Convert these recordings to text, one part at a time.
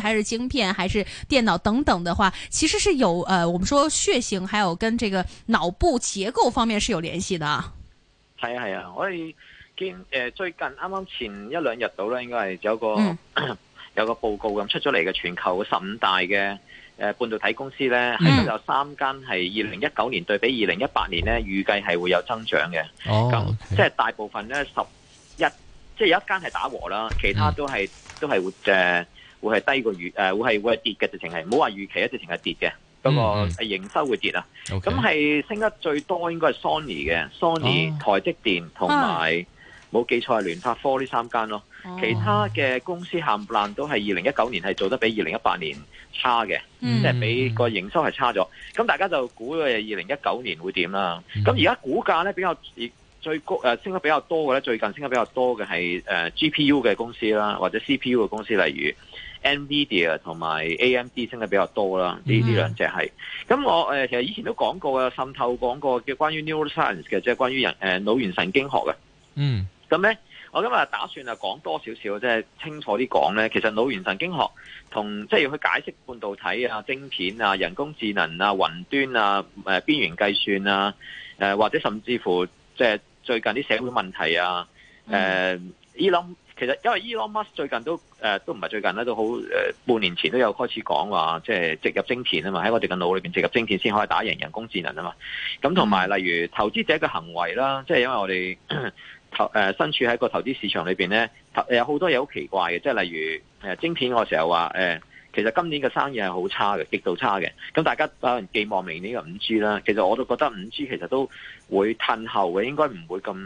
還是晶片，還是電腦等等的話，其實是有，呃，我們說血型，還有跟這個腦部結構方面是有聯繫的。係啊，係啊，我哋見誒、呃、最近啱啱前一兩日到咧，應該係有一個、嗯、有一個報告咁出咗嚟嘅全球十五大嘅誒、呃、半導體公司咧，係、嗯、有三間係二零一九年對比二零一八年咧，預計係會有增長嘅。哦，咁那 okay. 即係大部分咧，十一，11, 即係有一間係打和啦，其他都係、嗯、都係會誒。呃會係低過預誒，會係會係跌嘅，直情係唔好話預期一直情係跌嘅。嗰個誒營收會跌啊。咁係、嗯、升得最多應該係 Okay. Sony 嘅，Sony、台積電同埋冇記錯係聯發科呢三間咯。Oh. 其他嘅公司冚唪唥都係二零一九年係做得比二零一八年差嘅，mm. 即係比個營收係差咗。咁大家就估嘅二零一九年會點啦。咁而家股價咧比較最高誒、呃、升得比較多嘅咧，最近升得比較多嘅係誒 GPU 嘅公司啦，或者 CPU 嘅公司，例如。Nvidia 同埋 AMD 升得比較多啦，呢呢兩隻係。咁我、呃、其實以前都講過啊，滲透講過嘅關於 neural science 嘅，即係關於人誒腦元神經學嘅。嗯。咁咧，我今日打算啊講多少少，即係清楚啲講咧。其實腦元神經學同即係要去解釋半導體啊、晶片啊、人工智能啊、雲端啊、誒邊緣計算啊、呃、或者甚至乎即係最近啲社會問題啊、誒、呃、呢、mm. 其實因為 Elon Musk 最近都誒、呃、都唔係最近咧，都好、呃、半年前都有開始講話，即係植入晶片啊嘛，喺我哋嘅腦裏面植入晶片先可以打贏人工智能啊嘛。咁同埋例如投資者嘅行為啦，即係因為我哋投身處喺個投資市場裏面咧，有好多嘢好奇怪嘅，即係例如誒晶片我成日話、呃、其實今年嘅生意係好差嘅，極度差嘅。咁大家可能寄望明年嘅五 G 啦，其實我都覺得五 G 其實都會褪後嘅，應該唔會咁。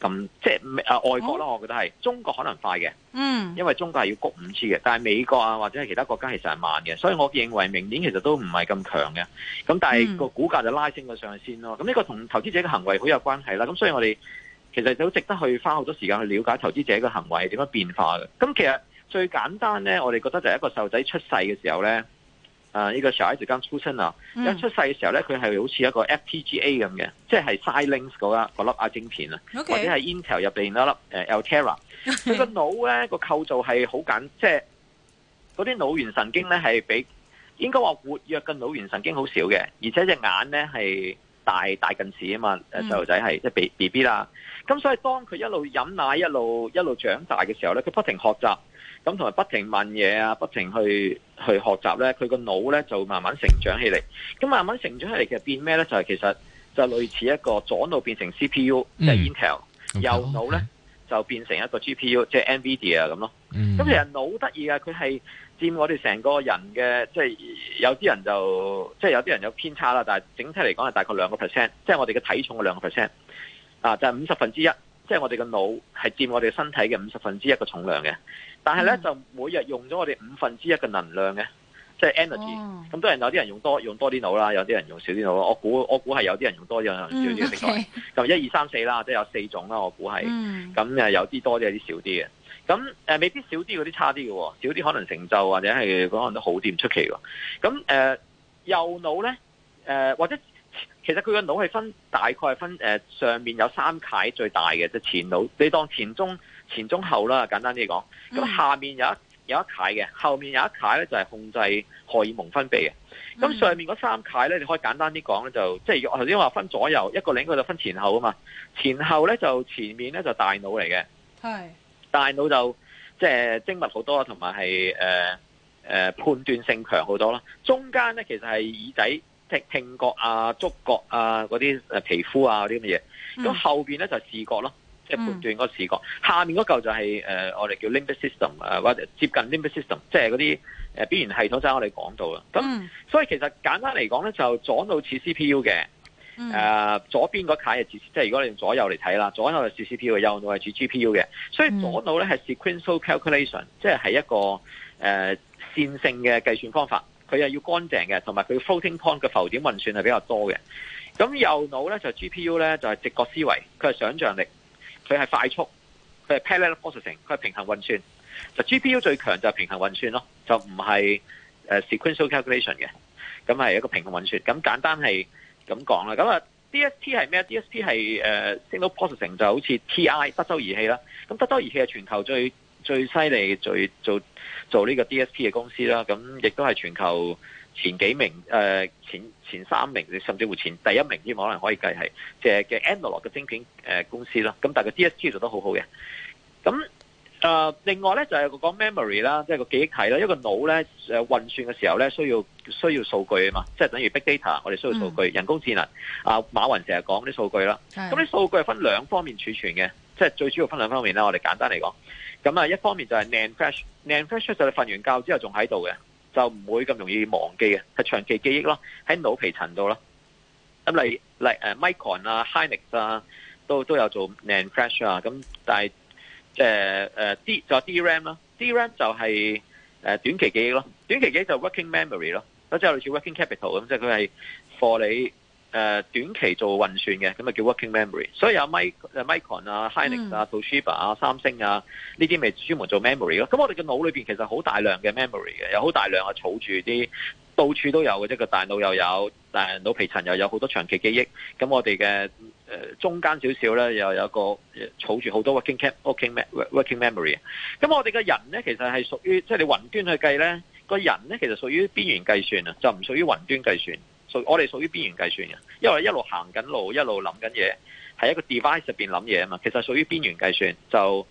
咁、嗯、即係、啊、外國啦，我覺得係中國可能快嘅，嗯，因為中國係要谷五次嘅，但係美國啊或者係其他國家係慢嘅，所以我認為明年其實都唔係咁強嘅，咁但係個股價就拉升咗上先咯，咁呢個同投資者嘅行為好有關係啦，咁所以我哋其實就好值得去花好多時間去了解投資者嘅行為係點樣變化嘅，咁其實最簡單咧，我哋覺得就係一個細路仔出世嘅時候咧。啊！呢、這個 ano,、嗯、一時候喺之間出生啊，一出世嘅時候咧，佢係好似一個 FPGA 咁嘅，即係 silicon 嗰粒啊、那個那個、晶片啊，Okay. 或者係 Intel 入邊嗰粒誒 Altera。佢、那個腦咧個構造係好簡，即係嗰啲腦元神經咧係比應該話活躍嘅腦元神經好少嘅，而且隻眼咧係大大近視啊嘛，誒細路仔係即係 B B 啦。咁、嗯、所以當佢一路飲奶一路一路長大嘅時候咧，佢不停學習。咁同埋不停問嘢啊，不停去去學習咧，佢個腦咧就慢慢成長起嚟。咁慢慢成長起嚟，其實變咩咧？就係、是、其實就類似一個左腦變成 C P U，、嗯、即係 Intel；右腦咧就變成一個 G P U，即係 NVIDIA 啊咁咯。咁、嗯、其實腦得意啊，佢係佔我哋成個人嘅，即、就、係、是、有啲人就即係、就是、有啲人有偏差啦，但係整體嚟講係大概兩個 percent，即係我哋嘅體重嘅兩個 percent 啊，就係、是、五十分之一，即、就、係、是、我哋嘅腦係佔我哋身體嘅五十分之一嘅重量嘅。但係咧，嗯、就每日用咗我哋五分之一嘅能量嘅，即、就、係、是、energy、哦。咁多人有啲人用多，用多啲腦啦；有啲人用少啲腦。我估，我估係有啲人用多，有啲人少啲。咁一二三四啦，即係有四種啦。我估係，咁誒、嗯、有啲多啲，有啲少啲嘅。咁誒、呃，未必少啲嗰啲差啲嘅，少啲可能成就或者係可能都好啲唔出奇喎。咁誒、呃，右腦咧，誒、呃、或者其實佢個腦係分大概係分誒、呃、上面有三塊最大嘅，即、就、係、是、前腦。你當前中。前中後啦，簡單啲講，咁下面有一有一塊嘅，後面有一塊咧就係控制荷爾蒙分泌嘅，咁上面嗰三塊咧，你可以簡單啲講咧，就即係頭先話分左右，一個領，佢就分前後啊嘛，前後咧就前面咧就大腦嚟嘅，係大腦就即係精密好多，同埋係誒誒判斷性強好多啦，中間咧其實係耳仔係聽覺啊、觸覺啊嗰啲誒皮膚啊嗰啲咁嘅嘢，咁後邊咧就視覺咯。即係判斷嗰個視覺，嗯、下面嗰嚿就係、是、誒、呃、我哋叫 limbic system 啊、呃，或者接近 limbic system，即係嗰啲誒邊緣系統，就係我哋講到啦。咁、嗯、所以其實簡單嚟講咧，就左腦似 C P U 嘅，誒、嗯呃、左邊個卡係似，即係如果你用左右嚟睇啦，左腦係似 C P U，右腦係似 G P U 嘅。所以左腦咧係 sequential calculation，即係一個誒、呃、線性嘅計算方法，佢係要乾淨嘅，同埋佢 floating point 嘅浮點運算係比較多嘅。咁右腦咧就 G P U 咧就係、是、直覺思維，佢係想象力。佢係快速，佢係 parallel processing，佢係平行運,運算。就 GPU 最強就係平行運算咯，就唔係 sequential calculation 嘅。咁係一個平行運算，咁簡單係咁講啦。咁啊 d, DSP 係咩 DSP 係 signal processing 就好似 TI 州德州儀器啦。咁德州儀器係全球最最犀利、最,最做做呢個 DSP 嘅公司啦。咁亦都係全球。前幾名，誒、呃、前前三名，甚至乎前第一名，啲可能可以計係即係嘅、就是、Analog 嘅晶片、呃、公司啦。咁但係佢 DSG 做得好好嘅。咁誒、呃、另外咧就係講 memory 啦，即係個記憶體啦。一個腦咧誒運算嘅時候咧需要需要數據啊嘛，即係等於 big data，我哋需要數據。嗯、人工智能啊，馬雲成日講啲數據啦。咁啲是的 數據係分兩方面儲存嘅，即係最主要分兩方面啦。我哋簡單嚟講，咁啊一方面就係 NAND flash NAND flash 就係瞓完覺之後仲喺度嘅。就唔會咁容易忘記嘅，係長期記憶咯，喺腦皮層度咯。咁例例誒 Micron 啊、Hynix 啊，都都有做 nanocrystal 啊。咁但係即係誒 D 就係 DRAM 咯，DRAM 就係誒短期記憶咯，短期記憶就係 working memory 咯，咁即係類似 working capital 咁，即係佢係 for 你。誒短期做運算嘅，咁咪叫 working memory。所以有 Mic、Micron 啊、Hynix 啊、Toshiba 啊、嗯、三星啊，呢啲咪專門做 memory 咯。咁我哋嘅腦裏邊其實好大量嘅 memory 嘅，有好大量係儲住啲，到處都有嘅。即係個大腦又有，但係腦皮層又有好多長期記憶。咁我哋嘅誒中間少少咧，又有一個儲住好多 working cap、working memory。咁我哋嘅人咧，其實係屬於即係、就是、你雲端去計咧，個人咧其實屬於邊緣計算啊，就唔屬於雲端計算。我哋屬於邊緣計算嘅，因為一路行緊路，一路諗緊嘢，喺一個 device 入面諗嘢啊嘛。其實屬於邊緣計算，就誒、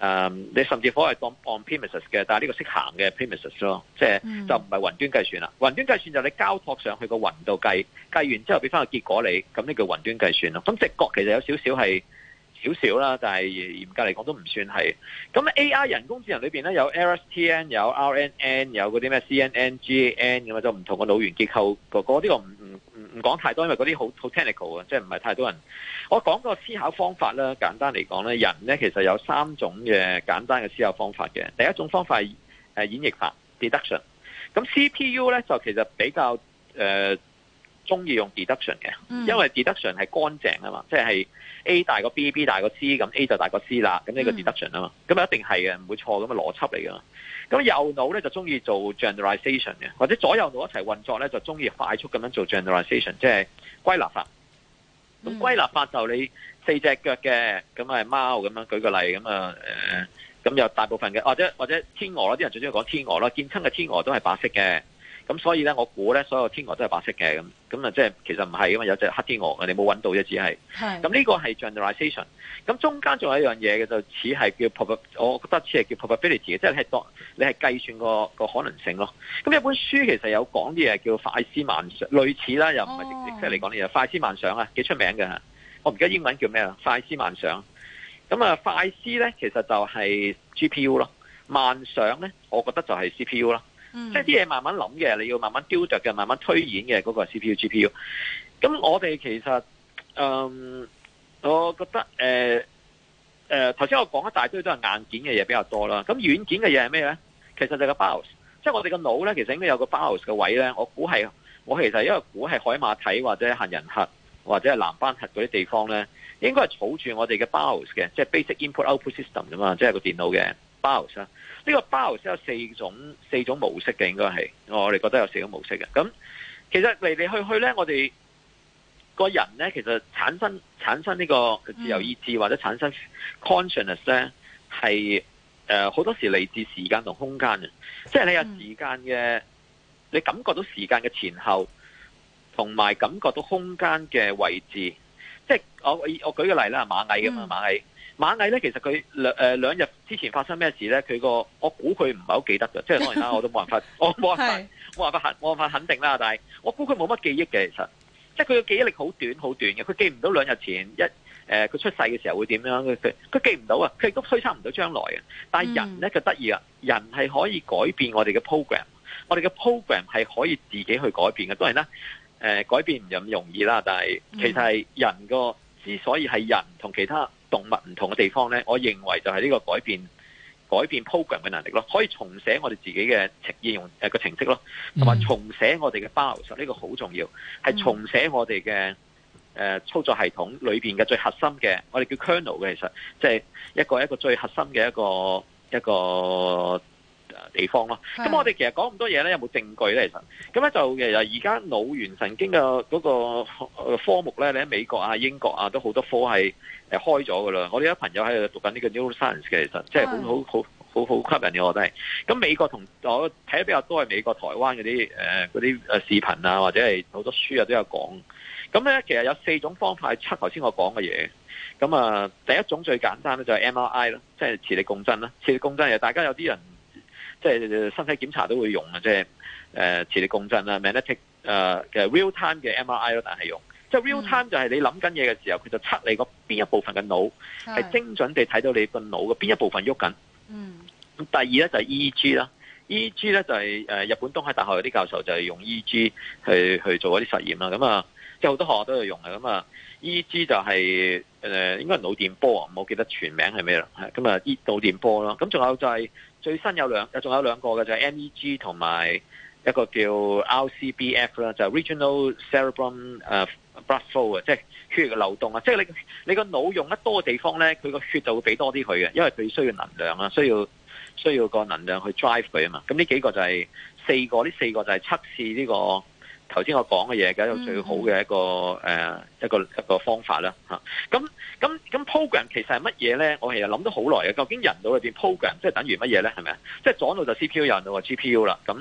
呃，你甚至乎可以當 on premises 嘅，但係呢個識行嘅 premises 咯，即係、mm. 就唔係雲端計算啦。雲端計算就你交託上去個雲度計，計完之後，俾翻個結果你，咁呢叫雲端計算啦。咁直覺其實有少少係。少少啦，但係嚴格嚟講都唔算係。咁 A.I. 人工智能裏邊咧有 L.S.T.N. 有 R.N.N. 有嗰啲咩 C.N.N. G.A.N. 咁啊，就唔同嘅腦源結構，嗰個個呢個唔唔唔講太多，因為嗰啲好好 technical 啊，即係唔係太多人。我講個思考方法咧，簡單嚟講咧，人咧其實有三種嘅簡單嘅思考方法嘅。第一種方法係誒演繹法 （deduction）。咁 C.P.U. 咧就其實比較誒，呃中意用 deduction 嘅，因為 deduction 係乾淨啊嘛，即係、嗯、A 大過 B，B 大過 C，咁 A 就大過 C 個 C 啦，咁呢個 deduction 啊嘛、嗯，咁一定係嘅，唔會錯咁嘅、嗰個、邏輯嚟嘅。咁右腦咧就中意做 generalization 嘅，或者左右腦一齊運作咧就中意快速咁樣做 generalization 即係歸納法。咁歸納法就你四隻腳嘅，咁啊貓咁樣舉個例，咁啊誒，咁有大部分嘅，或者或者天鵝啦，啲人最中意講天鵝啦，見親嘅天鵝都係白色嘅。咁所以咧，我估咧，所有天鵝都係白色嘅咁，咁啊，即係其實唔係因為有隻黑天鵝嘅，你冇揾到啫，只係。咁呢是的 個係 generalization。咁中間仲有一樣嘢嘅就似係叫 probab 我覺得似係叫 probability 嘅，即係你係計算個個可能性咯。咁一本書其實有講啲嘢叫快思慢想，類似啦，又唔係即係你講啲嘢，oh. 快思慢想啊，幾出名嘅。我唔記得英文叫咩啊？快思慢想。咁啊，快思咧其實就係 GPU 咯，慢想咧，我覺得就係 CPU 咯。即係啲嘢，慢慢諗嘅，你要慢慢雕琢嘅，慢慢推演嘅，嗰個係 C P U G P U。咁我哋其實，嗯，我覺得，誒，誒，頭先我講一大堆都係硬件嘅嘢比較多啦。咁軟件嘅嘢係咩咧？其實係個 BIOS，即係我哋個腦咧，其實應該有個 BIOS 嘅位咧。我估係，我其實因為估係海馬體或者杏仁核或者係藍斑核嗰啲地方咧，應該係儲住我哋嘅 BIOS 嘅，即係 basic input output system 啫嘛，即係個電腦嘅。巴士呢個巴士有四種四種模式嘅，應該係我哋覺得有四種模式嘅。咁其實嚟嚟去去呢，我哋個人呢，其實產生產生呢個自由意志、嗯、或者產生 consciousness 呢，係誒好多時嚟自時間同空間嘅，即係、嗯、你有時間嘅你感覺到時間嘅前後，同埋感覺到空間嘅位置，即係我我舉個例啦，螞蟻啊嘛，螞蟻。嗯，螞蟻螞蟻咧，其實佢兩誒兩日之前發生咩事咧？佢，嗰個我估佢唔係好記得嘅，即係當然啦，我都冇辦法， 我冇辦法，冇是辦法，辦法肯定啦。但係我估佢冇乜記憶嘅，其實即係佢個記憶力好短，好短嘅，佢記唔到兩日前一誒，佢，呃、出世嘅時候會點樣？佢佢記唔到啊！佢亦都推測唔到將來嘅。但係人咧就得意啊，人係可以改變我哋嘅 program，我哋嘅 program 係可以自己去改變嘅。當然啦，誒、呃、改變唔咁容易啦。但係其實係人個、嗯、之所以係人同其他。動物唔同嘅地方咧，我認為就係呢個改變改變 program 嘅能力咯，可以重寫我哋自己嘅程應用誒個、呃、程式咯，同埋重寫我哋嘅 BIOS，其實呢個好重要，係重寫我哋嘅誒操作系統裏邊嘅最核心嘅，我哋叫 kernel 嘅，其實即係、就是、一個一個最核心嘅一個一個。一個地方咯，咁我哋其實講咁多嘢咧，有冇證據咧？其實咁咧就其實而家腦源神經嘅嗰個科目咧，你喺美國啊、英國啊都好多科系誒開咗噶啦。我哋一朋友喺度讀緊呢個 neuroscience 嘅，其實即係的好好好好好吸引我覺得係。咁美國同我睇得比較多係美國、台灣嗰啲誒嗰啲誒視頻啊，或者係好多書啊都有講。咁咧其實有四種方法係測頭先我講嘅嘢。咁啊，第一種最簡單咧就係 MRI 咯，即係磁力共振啦。磁力共振其實大家有啲人。即係身體檢查都會用啊，即係誒磁力共振啦 ，magnetic 誒、呃、嘅 real time 嘅 MRI 咯，但係用即係 real time 就係你諗緊嘢嘅時候，佢就測你個邊一部分嘅腦係精準地睇到你個腦嘅邊一部分喐緊。嗯，咁第二咧就係 EEG 啦、嗯、，EEG 咧就係誒日本東海大學有啲教授就係用 EEG 去去做一啲實驗啦。咁啊，即係好多學校都有用嘅。咁啊，EEG 就係、是、誒應該係腦電波，唔好記得全名係咩啦。咁啊，啲腦電波啦。咁仲有就係、是。最新有兩，仲有兩個嘅就係、是、MEG 同埋一個叫 RCBF 啦、um，就 Regional Cerebral 呃 Blood Flow，即係血液嘅流動啊，即係你你個腦用得多嘅地方咧，佢個血就會俾多啲佢嘅，因為佢需要能量啊，需要需要個能量去 drive 佢啊嘛。咁呢幾個就係四個，呢四個就係測試呢、這個。頭先我講嘅嘢，梗係最好嘅一個誒、mm hmm.，一個一個方法啦吓咁咁咁 program 其實係乜嘢咧？我係諗咗好耐啊，究竟人腦裏邊 program 即係等於乜嘢咧？係咪啊？即係左腦就 CPU 右腦就，GPU 啦咁。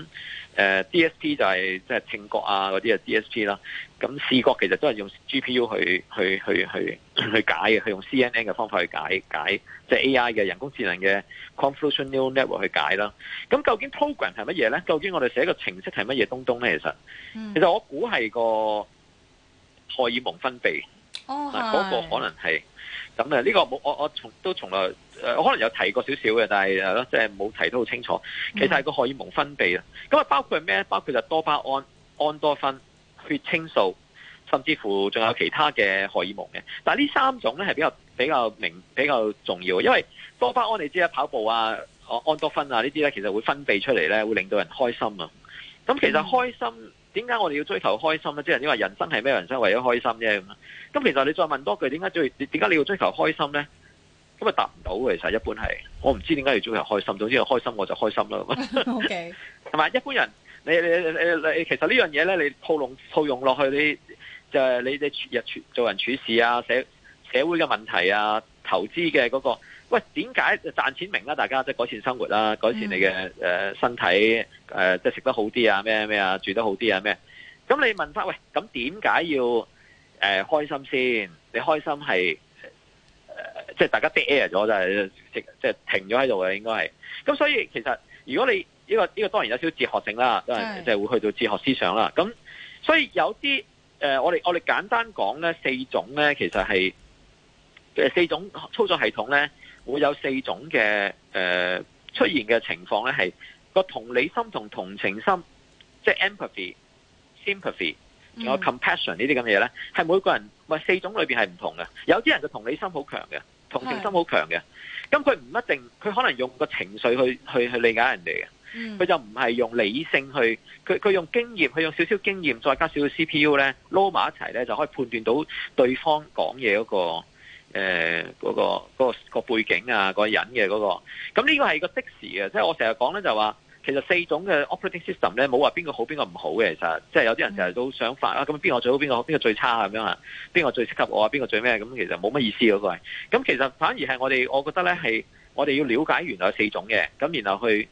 誒、uh,，DSP 就係即係聽覺啊，嗰啲啊 DSP 啦，咁視覺其實都係用 GPU 去去去去去解嘅，去用 CNN 嘅方法去解解，即、就、係、是、AI 嘅人工智能嘅 convolutional neural network 去解啦。咁究竟 program 係乜嘢咧？究竟我哋寫個程式係乜嘢東東咧？其實，嗯、其實我估係個荷爾蒙分泌，嗰、哦、個可能係。咁啊，呢個冇我我從我都從來，我可能有提過少少嘅，但係係咯，即係冇提得好清楚。其實係個荷爾蒙分泌啊，咁啊，包括係咩？包括就多巴胺、胺多酚、血清素，甚至乎仲有其他嘅荷爾蒙嘅。但係呢三種咧係比較比較明比較重要，因為多巴胺你知啦，跑步啊、哦胺多酚啊呢啲咧，其實會分泌出嚟咧，會令到人開心啊。咁其實開心點解我哋要追求開心咧？即係因為人生係咩人生？為咗開心啫咁咁其實你再問多句，點解點解你要追求開心咧？咁啊答唔到，其實一般係我唔知點解要追求開心。總之要開心我就開心啦。O K，係咪？一般人你你你你其實呢樣嘢咧，你套用套用落去，你就係、是、你你做人處事啊，社社會嘅問題啊，投資嘅嗰個喂，點解賺錢明啦、啊？大家即係、就是、改善生活啦、啊，改善你嘅誒身體誒，即係、mm hmm. 呃、食得好啲啊，咩咩啊，住得好啲啊，咩？咁你問翻喂，咁點解要？誒、呃，開心先，你開心係誒，即、呃、係、就是、大家 dead air 咗就係即即係停咗喺度嘅，應該係。咁所以其實如果你呢、這個呢、這個當然有少少哲學性啦，即係是的 會去到哲學思想啦。咁所以有啲誒、呃，我哋我哋簡單講咧，四種咧其實係嘅四種操作系統咧會有四種嘅誒、呃、出現嘅情況咧係個同理心同同情心，即、就、係、是、empathy sympathy。有 compassion、mm hmm. 呢啲咁嘅嘢咧，係每個人，唔係四種裏邊係唔同嘅。有啲人嘅同理心好強嘅，同情心好強嘅。咁佢唔一定，佢可能用個情緒去去去理解人哋嘅，佢、mm hmm. 就唔係用理性去，佢佢用經驗，佢用少少經驗，再加少少 CPU 咧撈埋一齊咧，就可以判斷到對方講嘢嗰個誒嗰、呃嗰個嗰、嗰個嗰個、背景啊，嗰個人嘅嗰、嗰個。咁呢個係個的時嘅，即、就、係、是、我成日講咧就話。其實四種嘅 operating system 咧，冇話邊個好邊個唔好嘅，其實即係有啲人就係都想法啦。咁邊個最好，邊個邊個最差咁樣啊？邊個最適合我啊？邊個最咩咁？其實冇乜意思嗰個，咁其實反而係我哋，我覺得咧係我哋要了解原來四種嘅，咁然後去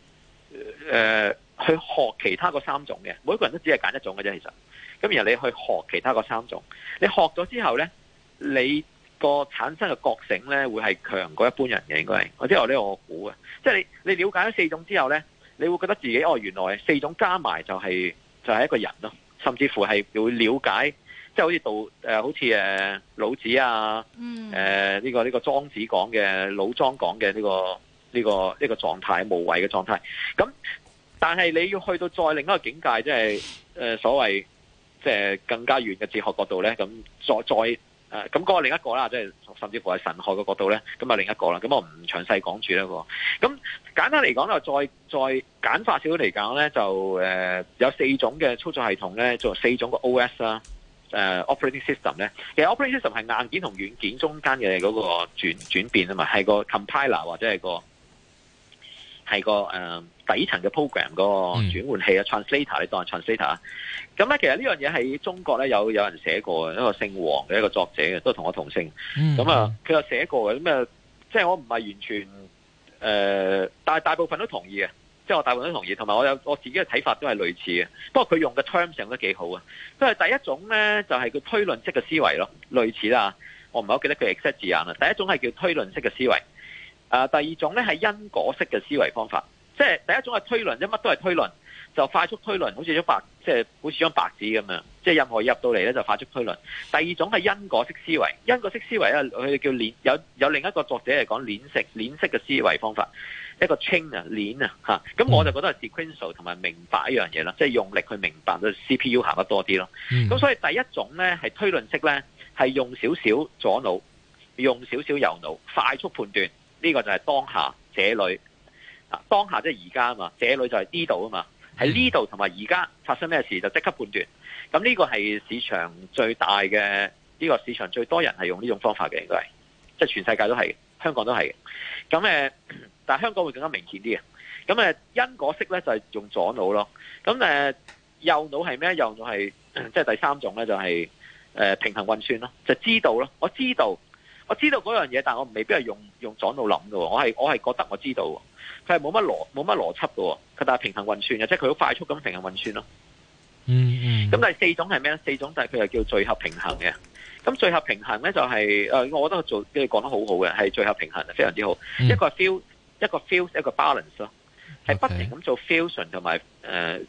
誒、呃、去學其他嗰三種嘅，每一個人都只係揀一種嘅啫，其實咁然後你去學其他嗰三種，你學咗之後咧，你個產生嘅覺醒咧會係強過一般人嘅，應該係我之我呢，我估嘅，即係、就是、你你了解咗四種之後咧。你會覺得自己哦，原來四種加埋就係、是、就係、是、一個人咯，甚至乎係會了解，即、就、係、是、好似道誒，好似誒老子啊，誒、呃、呢、這個呢、這個莊子講嘅老莊講嘅呢個呢、這個呢、這個狀態無為嘅狀態。咁但係你要去到再另一個境界，即係誒所謂即係更加遠嘅哲學角度咧，咁再再。再誒咁嗰個另一個啦，即係甚至乎係神學嘅角度咧，咁啊另一個啦，咁我唔詳細講住啦。咁簡單嚟講咧，再再簡化少少嚟講咧，就誒、呃、有四種嘅操作系統咧，就四種嘅 O S 啦、呃，誒 Operating System 咧。其實 Operating System 係硬件同軟件中間嘅嗰個轉轉變啊嘛，係個 compiler 或者係個。係個誒、呃、底層嘅 program 嗰個轉換器啊 translator、嗯、你當係 translator、嗯。啊。咁咧，其實呢樣嘢喺中國咧有有人寫過嘅，一個姓王嘅一個作者嘅，都同我同姓。咁啊、嗯，佢有寫過嘅咁啊，即係我唔係完全誒、但、呃、係大、大部分都同意啊。即、就、係、是、我大部分都同意。同埋我有我自己嘅睇法都係類似嘅，不過佢用嘅 terms 都幾好啊。即係第一種咧就係、是、叫推論式嘅思維咯，類似啦。我唔係好記得佢 exact 字眼啊。第一種係叫推論式嘅思維。啊，第二種咧係因果式嘅思維方法，即係第一種係推論，因乜都係推論，就快速推論，好似張白，即係好似張白紙咁樣，即係任何一入到嚟，咧就快速推論。第二種係因果式思維，因果式思維咧，佢叫鏈，有有另一個作者係講鏈式鏈式嘅思維方法，一個清啊鏈啊吓，咁、嗯、我就覺得係 sequential 同埋明白一樣嘢啦，即係用力去明白，C P U 行得多啲咯。咁、嗯、所以第一種咧係推論式咧，係用少少左腦，用少少右腦，快速判斷。呢個就係當下這裏啊，當下即係而家啊嘛，這裏就係呢度啊嘛，喺呢度同埋而家發生咩事就即刻判斷。咁呢個係市場最大嘅，呢個市場最多人係用呢種方法嘅，應該係即係全世界都係，香港都係嘅。咁誒，但係香港會更加明顯啲嘅。咁誒，因果式咧就係用左腦咯。咁誒右腦係咩？右腦係即係第三種咧，就係誒平衡運算啦，就知道啦，我知道。我知道嗰樣嘢，但我未必係用用腦度諗嘅。我係我係覺得我知道，佢係冇乜邏冇乜邏輯嘅。佢但係平衡運算嘅，即係佢好快速咁平衡運算咯、嗯。嗯嗯。咁第四種係咩咧？四種但係佢又叫聚合平衡嘅。咁聚合平衡咧就係、是、誒、呃，我覺得做佢講得好好嘅，係聚合平衡啊，非常之好。嗯、一個 feel，一個 feel，一個 balance 咯，係不停咁做 fusion 同埋誒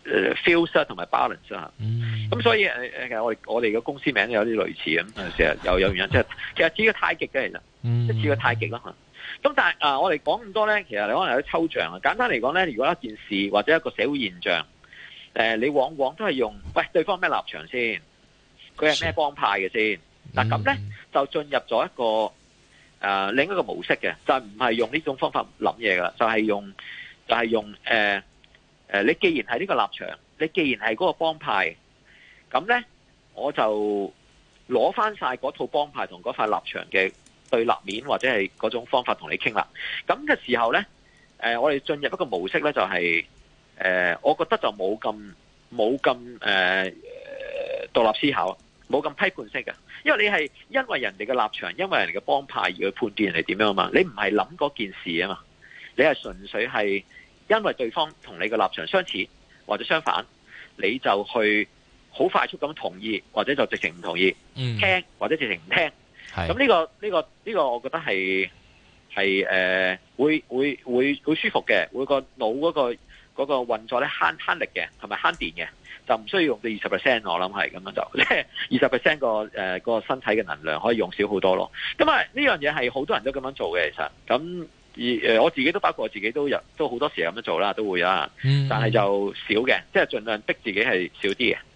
誒 fusion 同埋 balance 啊。嗯咁、嗯、所以誒誒，其實我哋我哋嘅公司名都有啲類似咁，成日有有原因，即係其實似個太極嘅，其實即似個太極咯。咁但係啊，我哋講咁多咧，其實你、mm hmm. 呃、可能有啲抽象啊。簡單嚟講咧，如果一件事或者一個社會現象，誒、呃，你往往都係用喂對方咩立場先，佢係咩幫派嘅先。嗱咁咧就進入咗一個誒、呃、另一個模式嘅，就唔、是、係用呢種方法諗嘢噶，就係、是、用就係、是、用誒誒、呃，你既然係呢個立場，你既然係嗰個幫派。咁呢，我就攞翻晒嗰套幫派同嗰塊立場嘅對立面，或者係嗰種方法同你傾啦。咁嘅時候呢，誒，我哋進入一個模式呢，就係誒，我覺得就冇咁冇咁誒獨立思考，冇咁批判式嘅。因為你係因為人哋嘅立場，因為人哋嘅幫派而去判斷人哋點樣啊嘛，你唔係諗嗰件事啊嘛，你係純粹係因為對方同你嘅立場相似或者相反，你就去。好快速咁同意，或者就直情唔同意，嗯、聽或者直情唔聽。咁呢個呢個呢個，這個這個、我覺得係係誒，會會會好舒服嘅，會個腦嗰、那個嗰、那個運作咧慳慳力嘅，同埋慳電嘅，就唔需要用到二十 percent。我諗係咁樣就，二十 percent 個誒個身體嘅能量可以用少好多咯。咁啊呢樣嘢係好多人都咁樣做嘅，其實咁誒、呃、我自己都包括自己都有都好多時咁樣做啦，都會啦，嗯、但係就少嘅，嗯、即係盡量逼自己係少啲嘅。